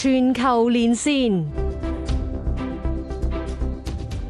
全球連線，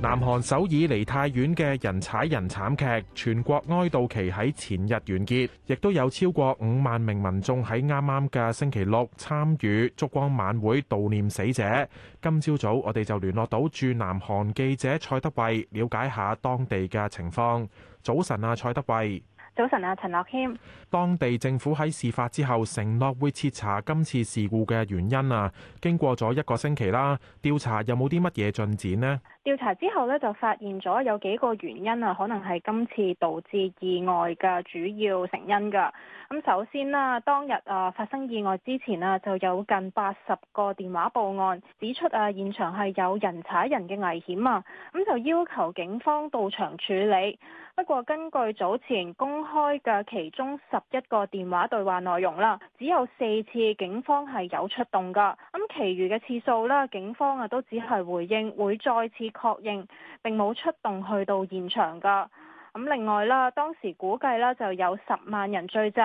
南韓首爾離太遠梨泰院嘅人踩人慘劇全國哀悼期喺前日完結，亦都有超過五萬名民眾喺啱啱嘅星期六參與燭光晚會悼念死者。今朝早，早，我哋就聯絡到駐南韓記者蔡德蕙，了解下當地嘅情況。早晨啊，蔡德蕙。早晨啊，陳樂謙。當地政府喺事發之後承諾會徹查今次事故嘅原因啊。經過咗一個星期啦，調查有冇啲乜嘢進展呢？調查之後咧，就發現咗有幾個原因啊，可能係今次導致意外嘅主要成因㗎，咁首先啦，當日啊發生意外之前啊，就有近八十個電話報案，指出啊現場係有人踩人嘅危險啊。咁就要求警方到場處理。不過根據早前公開嘅其中十一個電話對話內容啦，只有四次警方係有出動噶。咁其餘嘅次數咧，警方啊都只係回應會再次確認，並冇出動去到現場噶。咁另外啦，當時估計啦就有十萬人聚集，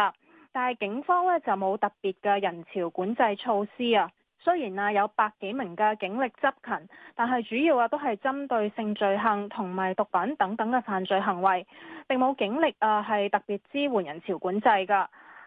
但係警方咧就冇特別嘅人潮管制措施啊。雖然啊，有百幾名嘅警力執勤，但係主要啊都係針對性罪行同埋毒品等等嘅犯罪行為，並冇警力啊係特別支援人潮管制㗎。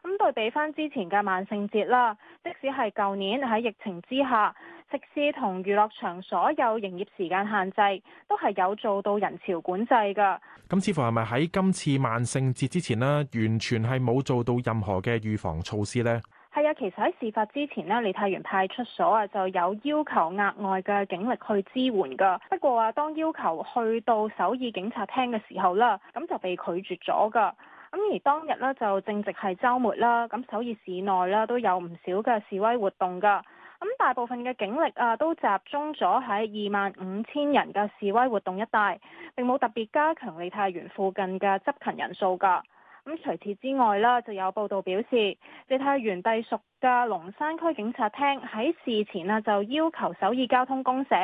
咁對比返之前嘅萬聖節啦，即使係舊年喺疫情之下，食肆同娛樂場所有營業時間限制，都係有做到人潮管制㗎。咁似乎係咪喺今次萬聖節之前咧，完全係冇做到任何嘅預防措施呢？係啊，其實喺事發之前呢，梨泰院派出所啊就有要求額外嘅警力去支援噶。不過啊，當要求去到首爾警察廳嘅時候啦，咁就被拒絕咗噶。咁而當日呢，就正值係週末啦，咁首爾市內咧都有唔少嘅示威活動噶。咁大部分嘅警力啊都集中咗喺二萬五千人嘅示威活動一帶，並冇特別加強梨泰院附近嘅執勤人數噶。咁除此之外啦，就有報道表示，梨泰院隸屬嘅龍山區警察廳喺事前啊就要求首爾交通公社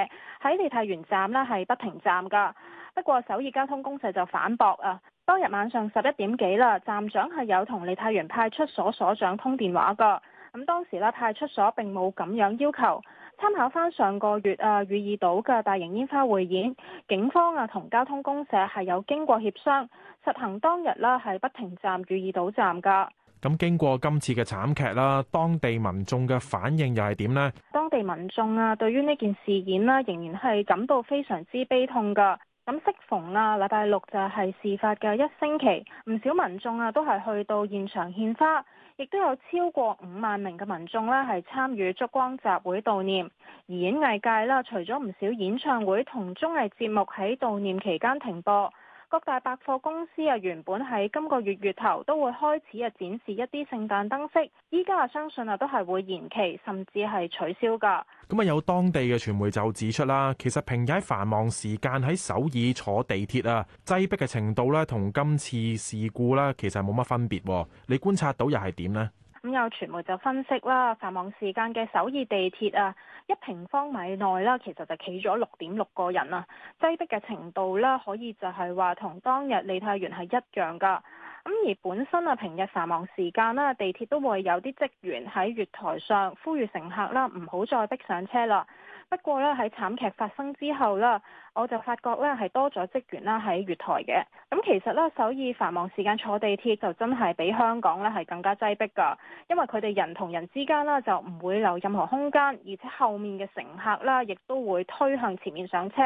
喺梨泰院站咧係不停站噶。不過首爾交通公社就反駁啊，當日晚上十一點幾啦，站長係有同梨泰院派出所所所長通電話噶。咁當時咧派出所並冇咁樣要求。參考返上個月啊，汝矣島嘅大型煙花匯演，警方啊同交通公社係有經過協商，實行當日啦係不停站汝矣島站㗎。咁經過今次嘅慘劇啦，當地民眾嘅反應又係點呢？當地民眾啊，對於呢件事件啦，仍然係感到非常之悲痛㗎。咁適逢啦，禮拜六就係事發嘅一星期，唔少民眾啊都係去到現場獻花，亦都有超過五萬名嘅民眾咧係參與燭光集會悼念。而演藝界啦，除咗唔少演唱會同綜藝節目喺悼念期間停播。各大百貨公司啊，原本喺今個月月頭都會開始啊展示一啲聖誕燈飾，依家啊相信啊都係會延期，甚至係取消噶。咁啊，有當地嘅傳媒就指出啦，其實平日喺繁忙時間喺首爾坐地鐵啊，擠迫嘅程度咧，同今次事故咧，其實冇乜分別。你觀察到又係點呢？咁有傳媒就分析啦，繁忙時間嘅首爾地鐵啊，一平方米內啦、啊，其實就企咗六點六個人啊，擠逼嘅程度啦、啊，可以就係話同當日梨泰院係一樣㗎。咁而本身啊，平日繁忙時間啦、啊，地鐵都會有啲職員喺月台上呼籲乘客啦、啊，唔好再逼上車啦。不過咧，喺慘劇發生之後啦，我就發覺咧係多咗職員啦喺月台嘅。咁其實咧，首爾繁忙時間坐地鐵就真係比香港咧係更加擠迫㗎，因為佢哋人同人之間啦就唔會留任何空間，而且後面嘅乘客啦亦都會推向前面上車，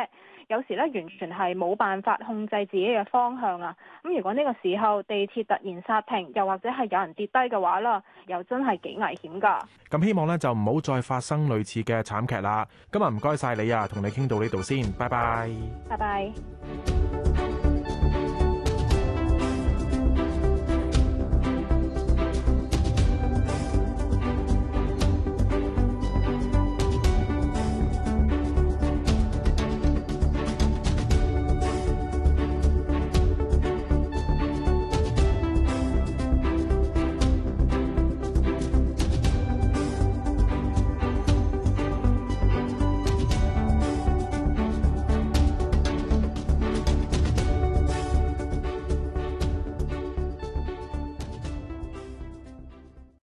有時咧完全係冇辦法控制自己嘅方向啊。咁如果呢個時候地鐵突然煞停，又或者係有人跌低嘅話啦，又真係幾危險㗎。咁希望呢就唔好再發生類似嘅慘劇啦。今日唔該晒你啊，同你傾到呢度先，拜拜。拜拜。